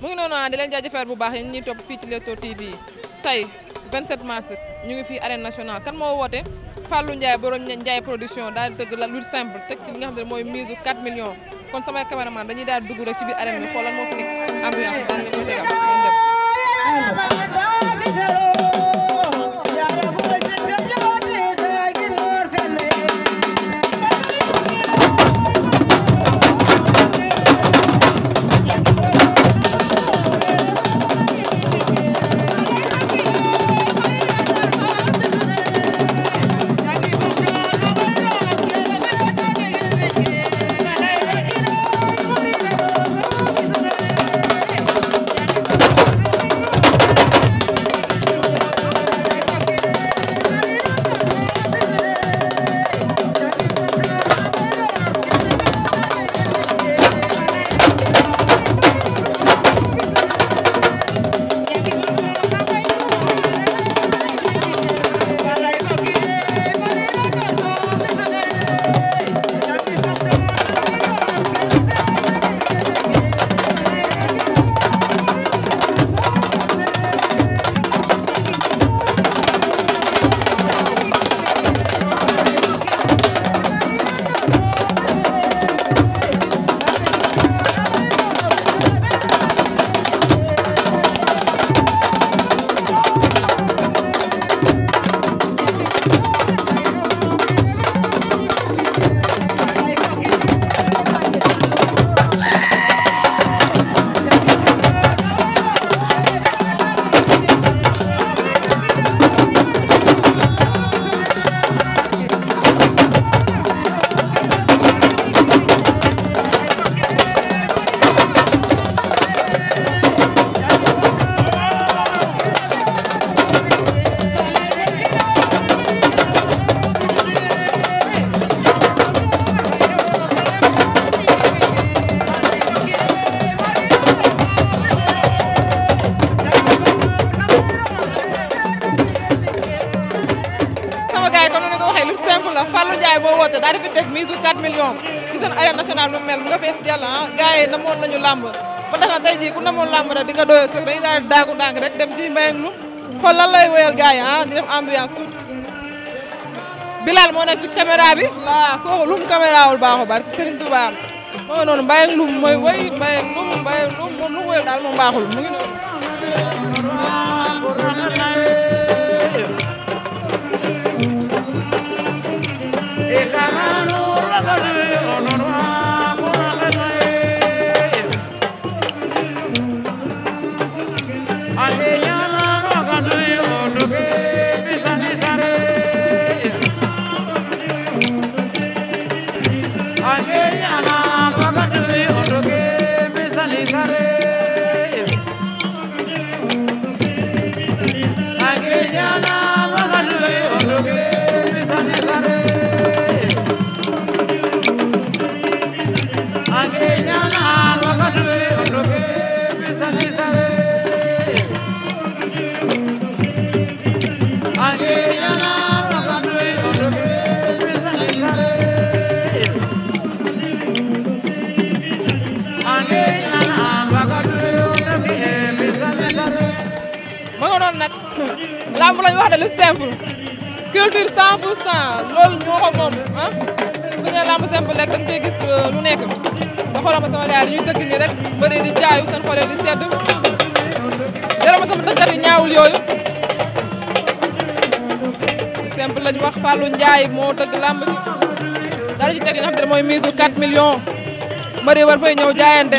mu ngi noonu ah di leen jaajëfal bu baax yéen ñuy topp fii ci Leewtoo TV tey 27 mars ñu ngi fii arène nationale kan moo woote Fallou Ndiaye borom Ndiaye production daal di tëgg la lutte simple teg ci nga xam ne mooy mise 4 millions kon samay cameraman dañuy daal dugg rek ci biir arène bi xoolal moo fi nekk ambiance daal di ko tegal la Fallou Ndiaye moo woote daa defi teg mise 4 millions gis nañ arène nationale nu mel mu nga fees dell ah gars yi nañu làmb ba tax na tey jii ku namoon làmb rek di nga doyoo sëg daagu ndànk rek dem ci mbéyam lu xool lan lay woyal gars yi ah di def ambiance moo nekk ci caméra bi la kooku lum caméra wul baaxu barke Serigne Touba moo noonu mbéyam lu mooy woy mbéyam lu mbéyam lu moom lu woyal daal moom baaxul mu ngi noonu noonu nag làmb lañ wax de lu simple culture 100 pour cent loolu ñoo ko moom ah su ñu làmb simple rek dañ koy gis euh, lu nekk nga xoolal ma sama gars yi dañuy tëgg nii rek bëri di jaayu seen xol di sedd dara ma sama tëggkat yu ñaawul yooyu simple lañ wax Fallou Ndiaye moo tëgg làmb ji dara ci teg li nga ne mooy mise 4 millions mbëri war fay ñëw jaayante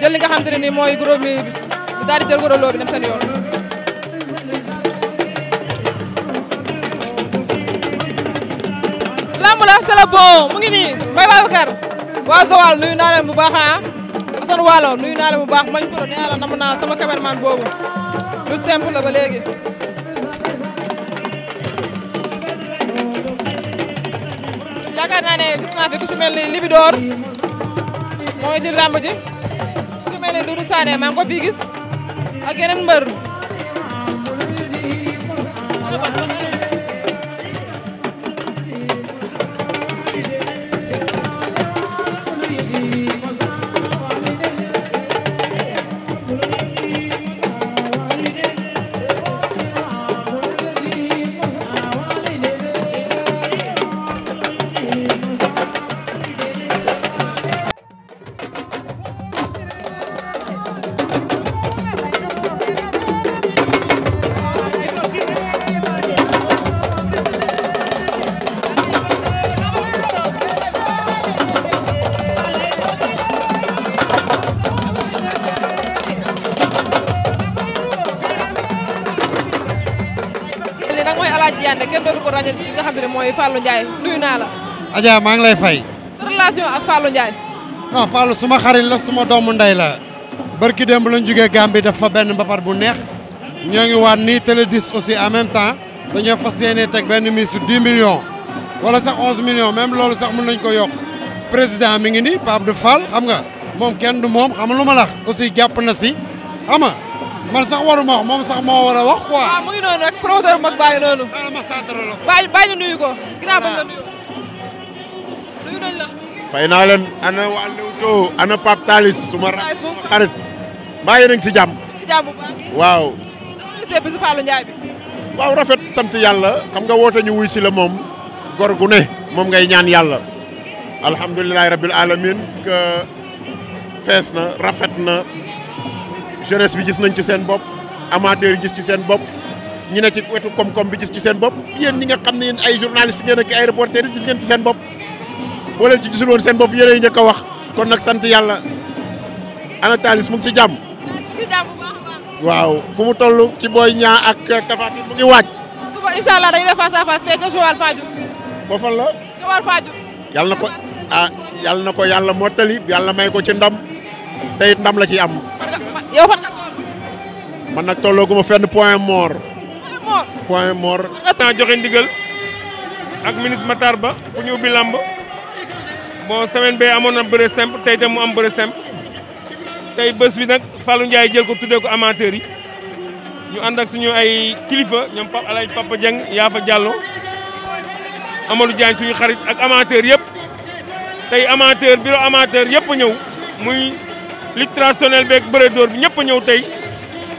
jël li nga xam te ne nii mooy gros di jël gros loo bi dem yoon la c'est le bon mu ngi nii Mbaye Babacar waa Zowal nuyu naa leen bu baax ah Assane Waalo nuyu naa leen bu baax mañ pro nee la nam naa sama cameraman boobu lu simple la ba léegi yaakaar naa ne gis naa fi ku ci mel ni Libidor moo ngi ci làmb ji ku ci mel ni maa ko fii gis ak yeneen mbër mooy Fallou Ndiaye nuyu naa la. Adja maa ngi lay fay. relation ak Fallou Ndiaye. non Fallou suma xarit la suma doomu ndey la. barki démb lañ jógee Gambie def fa benn mbapat bu neex. ñoo ngi waat nii Télé 10 aussi en même temps dañoo fas yéene teg benn mise su 10 millions. wala sax 11 millions même loolu sax mën nañ ko yokk. président mi ngi ni Pape Abdou Fall xam nga moom kenn du moom xam lu ma la aussi jàpp na si ama man sax waruma wax moom sax moo war wax quoi. waaw ah, mu noonu rek promoteur mag bàyyi noonu. waaw ma nuyu ko. ginnaaw bañ la nuyu. nuyu nañ naa leen ana waa Leewtoo suma xarit. bàyyi nañ ci jàmm. waaw. waaw rafet sant yàlla xam nga woote wuy si la moom gor gu ne moom ngay ñaan yàlla alhamdulilahi rabbil alamin que fees na rafet na jeunesse bi gis nañ ci seen bopp amateur yi gis ci seen bopp ñi ne ci wetu koom bi gis ci seen bopp yéen ñi nga xam ne yéen ay journaliste ngeen ak ay reporter yi gis ngeen ci seen bopp boo leen ci gisul woon seen bopp yéenay njëkk a wax kon nag sant yàlla ana Taalis mu ngi ci jàmm. waaw fu mu toll ci Boy ñaa ak Tapha Tine mu ngi waaj. suba incha allah dañuy def face à face fekk Joal Fadiouth. foofan la. Joal yàlla na ko ah yàlla na ko yàlla mottali yàlla may ko ci ndam te it ndam la ci am. yow fan man nag tollooguma fenn point mort. point mort. temps joxe ak ministre Matar Ba bu ñu ubbi làmb semaine bee amoon na bëre simple tey tam mu am bëre simple tey bés bi nag Fallou Ndiaye jël ko tuddee ko ñu ànd ak suñu ay kilifa ñoom Papa El Hadj Papa Dieng Yafa Diallo suñu xarit ak amateurs yëpp tey amateur bureau amateur yëpp ñëw muy. lutte bee beeg bi ñëpp ñëw tey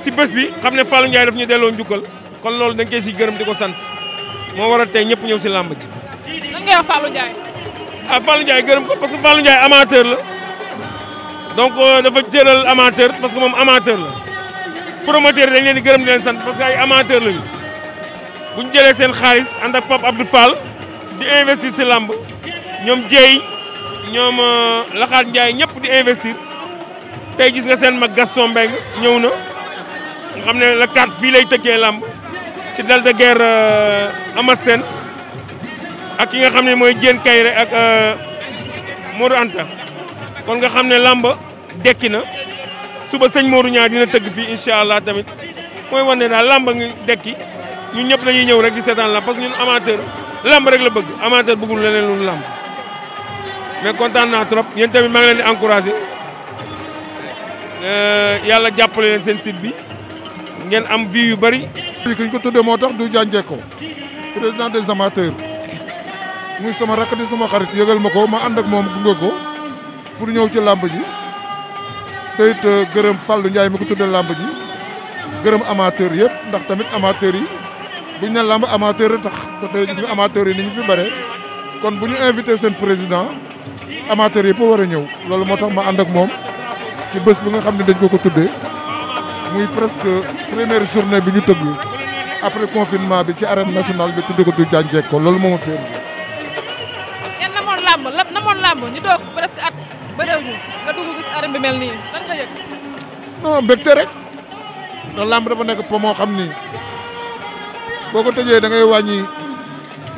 si bés bi xam ne Fallou Ndiaye daf ñu delloo njukkal kon loolu dañ koy si gërëm di ko sant moo war a tey ñëpp ñëw si làmb ji. lan ngay wax ah, Fallou Ndiaye. gërëm ko parce que Fallou Ndiaye amateur la donc euh, dafa jëlal amateur parce moom amateur la promoteur dañ leen di gërëm di leen sant parce que ay amateur lañu bu ñu jëlee seen xaalis ànd ak Pape Abdou Fall di investir si làmb ñoom Dieye ñoom euh, Laxaat Ndiaye ñëpp di investir. tey gis nga seen mag Gaston Mbengue ñëw na nga xam ne la carte fii lay tëggee làmb ci dal de guerre Amath euh, ak ki nga xam ne mooy Diène Kaïré ak euh, Modou Anta kon nga xam ne làmb dekki na suba sëñ mooru ñaar dina tëgg fii incha allah tamit mooy wane ne daal làmb ngi dekki ñun ñëpp dañuy ñëw rek di seetaan la parce que ñun amateur làmb rek la bëgg amateur bëggul leneen lu làmb mais kontaan naa trop yéen tamit maa ngi leen di Euh, yàlla jàppale leen seen site bi ngeen am vie yu bëri. ki ko tuddee moo tax du jànjee ko président des amateurs muy sama rakk di sama xarit yëgal ma ko ma ànd ak moom gunge ko pour ñëw ci làmb ji te it euh, gërëm Fallou njaay mi ko tuddee làmb ji gërëm amateur yëpp ndax tamit amateur yi buñ ne làmb amateur tax te tey gis nga amateur yi ni ñu fi bare kon bu ñu invité seen président amateur yëpp war a ñëw loolu moo tax ma ànd ak moom. ci bës bu nga xam ne dañ ko ko tuddee muy presque première journée bi ñu tëgg après confinement bi ci arène nationale bi tudd ko du jànjeek ko loolu moom feeñ. ngeen namoon làmb namoon làmb ñu doog presque at bëreew ñu nga dugg gis bi mel nii lan nga yëg. non mbégte rek ndax làmb dafa nekk po moo xam ni boo ko tëjee da ngay wàññi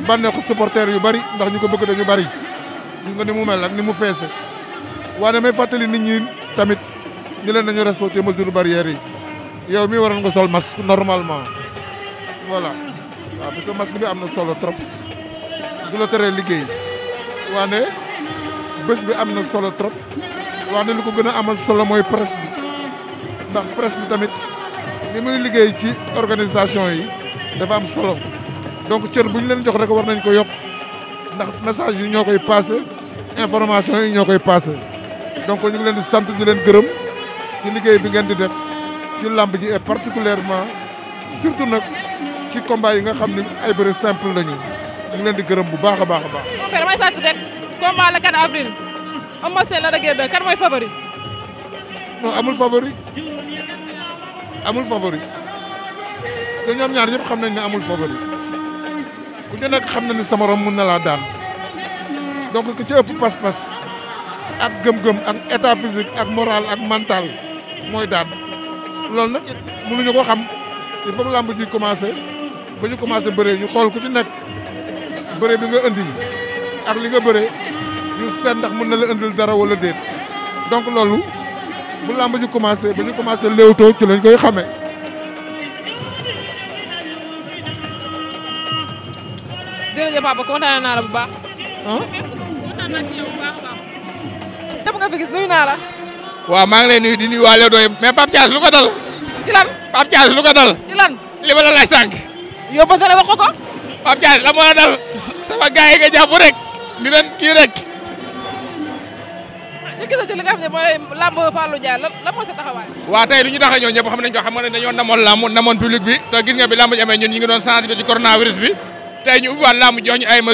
bànneexu supporter yu bari ndax ñu ko bëgg dañu bari gis nga ni mu mel ni mu feese waaye damay fàttali nit ñi. tamit ñu leen nañu respecté mesures barrières yi yow mi waroon nga sol masque normalement voilà waaw parce que bi am na solo trop du la teree liggéey waane bés bi am na solo trop wax waane lu ko gën a amal solo mooy presse ndax presse bi tamit li muy liggéey ci organisation yi dafa am solo donc cër bu ñu leen jox rek war nañ ko yokk ndax message yi ñoo koy passé information yi ñoo koy passé donc ñu ngi leen di sant di leen gërëm ci liggéey bi ngeen di def ci làmb ji et particulièrement surtout nag ci combat yi nga xam ne ay bëre simple lañu ñu ngi leen di gërëm bu baax a baax a baax. ok damay sant rek combat le 4 avril Eumeu Sène Lac de Guiers 2 mooy favori. non amul favori amul favori parce ñoom ñaar ñëpp xam nañ ne amul favori ku ci nekk xam na ni sama rom mën na laa daan donc ku ëpp pas ak gëm-gëm ak état physique ak moral ak mental mooy daan loolu nag mënuñu ko xam il faut làmb ji commencé ba ñu commencé bëree ñu xool ku ci nekk bëree bi nga indi ak li nga bëree ñu seet ndax mën na la indil dara wala déet donc loolu bu làmb ji commencé ba ñu commencé léewtoo ci lañ koy xamee. jërëjëf képp nga fi gis waaw maa ngi lay nuyu di nuyu waa Leewtoo yëpp mais Pape Thiass lu ko dal. ci lan Pape Thiass ko dal. ci lan li ma la lay sànq. yóbbu nga la wax ko ko. Pape Thiass la moo la dal sama gars yi nga jàpp rek di leen kii rek. lan lan mooy sa taxawaay. a ko xam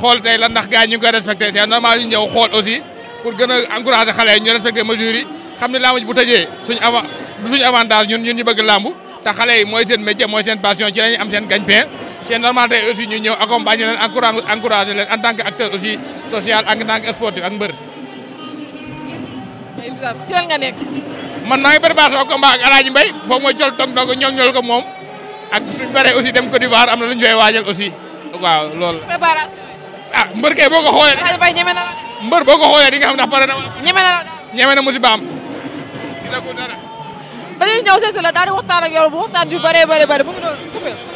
xool tey la ndax gars yi ñu ngi koy respecté c'est normal ñëw xool aussi pour gën a encourager xale yi ñu respecté mesures yi xam ne làmb ji bu tëjee suñ avant du suñu avantage ñun ñun ñu bëgg làmb te xale yi mooy seen métier mooy seen passion ci lañuy am seen gagne-pain seen normal aussi ñu ñëw accompagner leen encouragé encouragé leen en aussi social en tant sportif ak mbër. man maa ngi préparé sama combat ak El Hadj col tong tong ñoom ñool ko moom ak suñu paree aussi dem Côte d'Ivoire am na lu ñu koy waajal aussi waaw loolu. mbër boo ko xoolee di nga xam ndax pare na wala. ñeme na la daal ñeme na musibaam. dina ko dara. dañuy ñëw seese la daal di waxtaan ak yow bu waxtaan yu bëree bëri bëri bu ngi doon